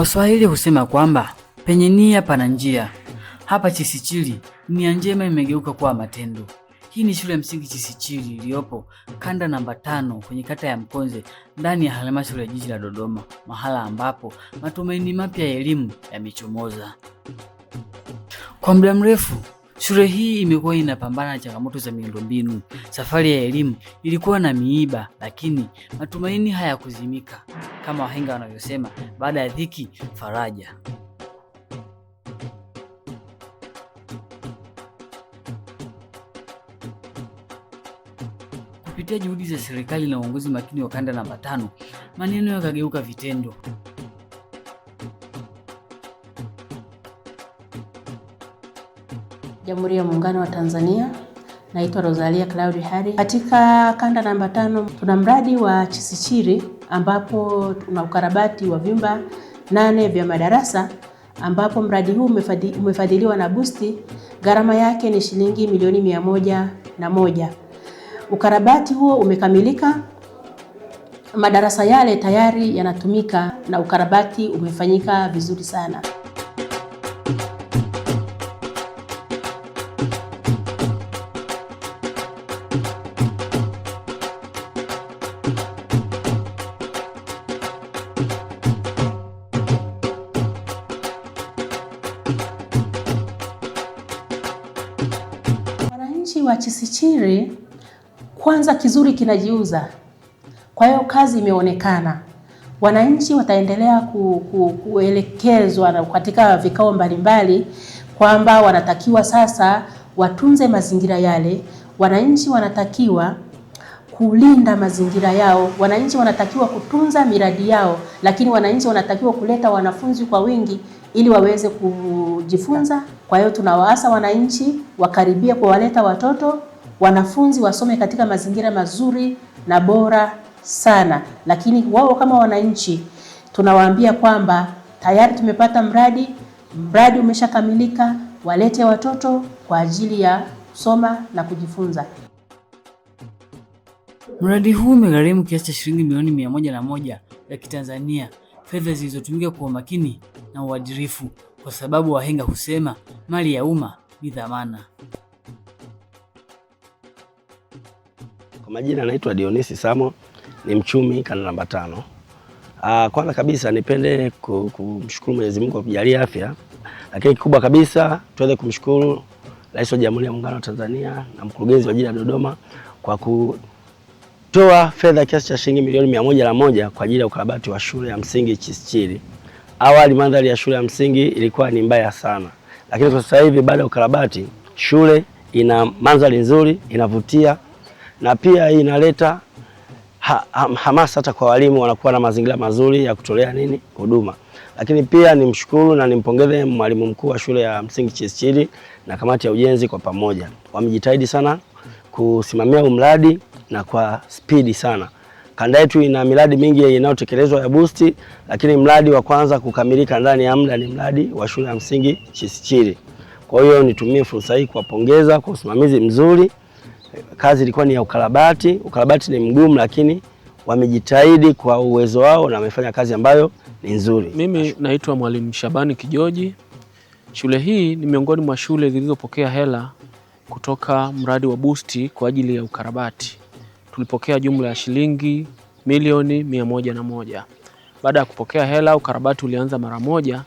Waswahili husema kwamba penye nia pana njia. Hapa Chisichili nia njema imegeuka kuwa matendo. Hii ni shule ya msingi Chisichili iliyopo kanda namba tano kwenye kata ya Mkonze ndani ya halmashauri ya jiji la Dodoma, mahala ambapo matumaini mapya ya elimu yamechomoza. Kwa muda mrefu Shule hii imekuwa inapambana na changamoto za miundombinu. Safari ya elimu ilikuwa na miiba, lakini matumaini hayakuzimika. Kama wahenga wanavyosema, baada ya dhiki faraja. Kupitia juhudi za serikali na uongozi makini wa kanda namba tano, maneno yakageuka vitendo. Jamhuri ya Muungano wa Tanzania. Naitwa Rosalia Claudi Hari. Katika kanda namba tano tuna mradi wa Chisichiri ambapo tuna ukarabati wa vyumba nane vya madarasa ambapo mradi huu umefadhiliwa na Busti, gharama yake ni shilingi milioni mia moja na moja. Ukarabati huo umekamilika, madarasa yale tayari yanatumika na ukarabati umefanyika vizuri sana. wa chisichiri, kwanza kizuri kinajiuza, kwa hiyo kazi imeonekana. Wananchi wataendelea ku, ku, kuelekezwa katika vikao mbalimbali kwamba wanatakiwa sasa watunze mazingira yale, wananchi wanatakiwa kulinda mazingira yao, wananchi wanatakiwa kutunza miradi yao, lakini wananchi wanatakiwa kuleta wanafunzi kwa wingi ili waweze kujifunza kwa hiyo tunawaasa wananchi wakaribie kuwaleta watoto wanafunzi wasome katika mazingira mazuri na bora sana, lakini wao kama wananchi tunawaambia kwamba tayari tumepata mradi, mradi umeshakamilika, walete watoto kwa ajili ya kusoma na kujifunza. Mradi huu umegharimu kiasi cha shilingi milioni mia moja na moja ya Kitanzania, fedha zilizotumika kwa umakini na uadilifu kwa sababu wahenga husema mali ya umma ni dhamana. Kwa majina anaitwa Dionisi Samo, ni mchumi kanda namba tano. Ah, kwanza kabisa nipende kumshukuru Mwenyezi Mungu kwa kujalia afya, lakini kikubwa kabisa tuweze kumshukuru Rais wa Jamhuri ya Muungano wa Tanzania na mkurugenzi wa jiji la Dodoma kwa kutoa fedha kiasi cha shilingi milioni mia moja na moja kwa ajili ya ukarabati wa shule ya msingi Chisichili. Awali mandhari ya shule ya msingi ilikuwa ni mbaya sana, lakini kwa sasa hivi baada ya ukarabati shule ina mandhari nzuri, inavutia na pia hii inaleta ha, ha, hamasa hata kwa walimu, wanakuwa na mazingira mazuri ya kutolea nini huduma. Lakini pia nimshukuru na nimpongeze mwalimu mkuu wa shule ya msingi Chisichili na kamati ya ujenzi, kwa pamoja wamejitahidi sana kusimamia umradi na kwa spidi sana. Kanda yetu ina miradi mingi inayotekelezwa ya boost, lakini mradi wa kwanza kukamilika ndani ya muda ni mradi wa shule ya msingi Chisichiri. Kwa hiyo nitumie fursa hii kuwapongeza kwa usimamizi mzuri. Kazi ilikuwa ni ya ukarabati. Ukarabati ni mgumu, lakini wamejitahidi kwa uwezo wao na wamefanya kazi ambayo ni nzuri. Mimi naitwa Mwalimu Shabani Kijoji. Shule hii ni miongoni mwa shule zilizopokea hela kutoka mradi wa boost kwa ajili ya ukarabati tulipokea jumla ya shilingi milioni mia moja na moja. Baada ya kupokea hela, ukarabati ulianza mara moja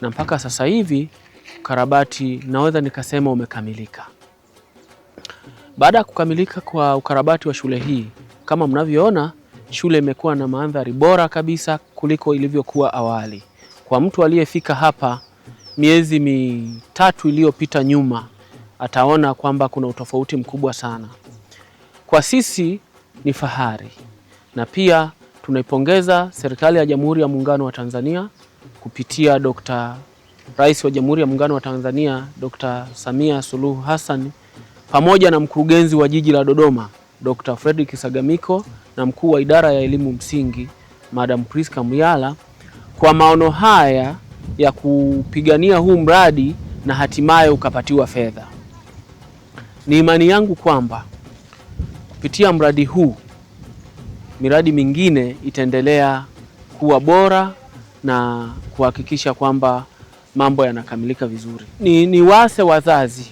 na mpaka sasa hivi ukarabati naweza nikasema umekamilika. Baada ya kukamilika kwa ukarabati wa shule hii, kama mnavyoona, shule imekuwa na mandhari bora kabisa kuliko ilivyokuwa awali. Kwa mtu aliyefika hapa miezi mitatu iliyopita nyuma, ataona kwamba kuna utofauti mkubwa sana. Kwa sisi ni fahari, na pia tunaipongeza serikali ya Jamhuri ya Muungano wa Tanzania kupitia Dr. Rais wa Jamhuri ya Muungano wa Tanzania Dr. Samia Suluhu Hassan pamoja na mkurugenzi wa jiji la Dodoma Dr. Fredrick Sagamiko na mkuu wa idara ya elimu msingi Madam Priska Muyala kwa maono haya ya kupigania huu mradi na hatimaye ukapatiwa fedha. Ni imani yangu kwamba Kupitia mradi huu, miradi mingine itaendelea kuwa bora na kuhakikisha kwamba mambo yanakamilika vizuri. Ni, ni wase wazazi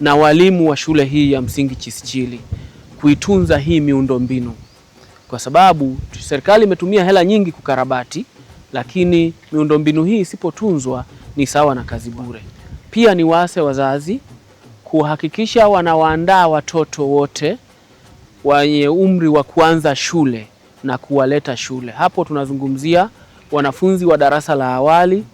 na walimu wa shule hii ya msingi Chisichili kuitunza hii miundombinu kwa sababu serikali imetumia hela nyingi kukarabati, lakini miundombinu hii isipotunzwa ni sawa na kazi bure. Pia ni wase wazazi kuhakikisha wanawaandaa watoto wote wenye umri wa kuanza shule na kuwaleta shule. Hapo tunazungumzia wanafunzi wa darasa la awali,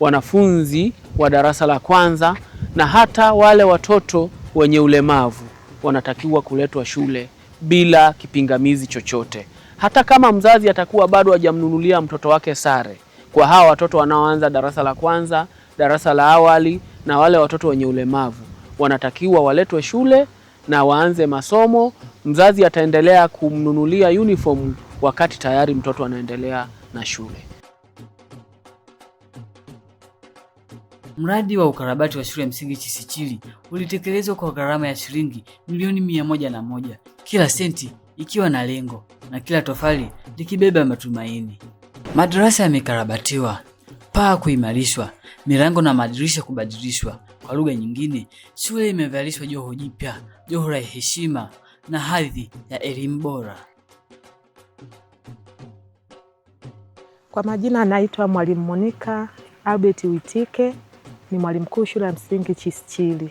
wanafunzi wa darasa la kwanza na hata wale watoto wenye ulemavu wanatakiwa kuletwa shule bila kipingamizi chochote. Hata kama mzazi atakuwa bado hajamnunulia mtoto wake sare, kwa hawa watoto wanaoanza darasa la kwanza, darasa la awali na wale watoto wenye ulemavu wanatakiwa waletwe shule na waanze masomo. Mzazi ataendelea kumnunulia uniform wakati tayari mtoto anaendelea na shule. Mradi wa ukarabati wa shule ya msingi Chisichili ulitekelezwa kwa gharama ya shilingi milioni mia moja na moja, kila senti ikiwa na lengo na kila tofali likibeba matumaini. Madarasa yamekarabatiwa, paa kuimarishwa, milango na madirisha kubadilishwa kwa lugha nyingine, shule imevalishwa joho jipya, joho la heshima na hadhi ya elimu bora. Kwa majina anaitwa Mwalimu monika Albert Witike, ni mwalimu mkuu shule ya msingi Chisichili.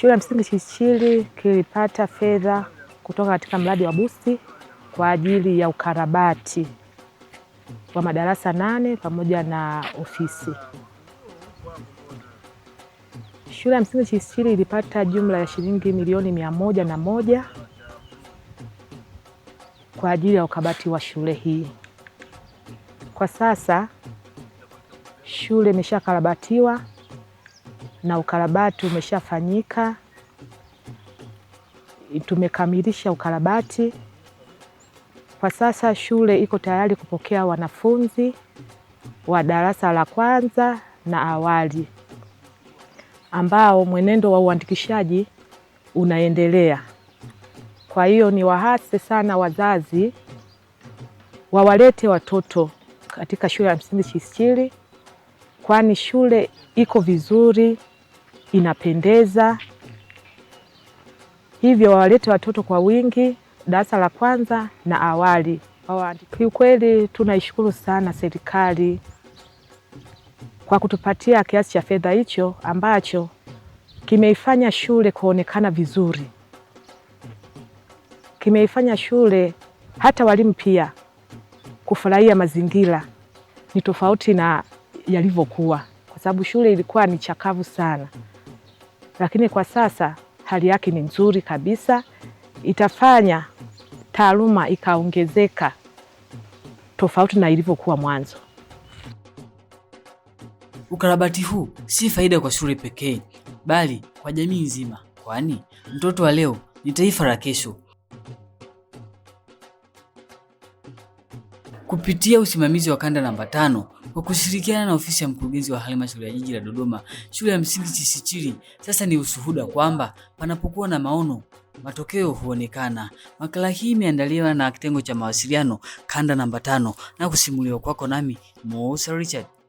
Shule ya msingi Chisichili kilipata fedha kutoka katika mradi wa busti kwa ajili ya ukarabati wa madarasa nane pamoja na ofisi. Shule ya Msingi Chisiri ilipata jumla ya shilingi milioni mia moja na moja kwa ajili ya ukarabati wa shule hii. Kwa sasa shule imeshakarabatiwa na ukarabati umeshafanyika, tumekamilisha ukarabati. Kwa sasa shule iko tayari kupokea wanafunzi wa darasa la kwanza na awali ambao mwenendo wa uandikishaji unaendelea. Kwa hiyo ni wahase sana wazazi wawalete watoto katika shule ya msingi Chisichili, kwani shule iko vizuri, inapendeza. Hivyo wawalete watoto kwa wingi darasa la kwanza na awali. Kiukweli tunaishukuru sana serikali kwa kutupatia kiasi cha fedha hicho ambacho kimeifanya shule kuonekana vizuri, kimeifanya shule hata walimu pia kufurahia mazingira, ni tofauti na yalivyokuwa, kwa sababu shule ilikuwa ni chakavu sana, lakini kwa sasa hali yake ni nzuri kabisa, itafanya taaluma ikaongezeka tofauti na ilivyokuwa mwanzo. Ukarabati huu si faida kwa shule pekee, bali kwa jamii nzima, kwani mtoto wa leo ni taifa la kesho. Kupitia usimamizi wa kanda namba tano kwa kushirikiana na ofisi ya mkurugenzi wa halmashauri ya jiji la Dodoma, shule ya msingi Chisichiri sasa ni ushuhuda kwamba panapokuwa na maono matokeo huonekana. Makala hii imeandaliwa na kitengo cha mawasiliano kanda namba tano na kusimuliwa kwako nami Musa Richard.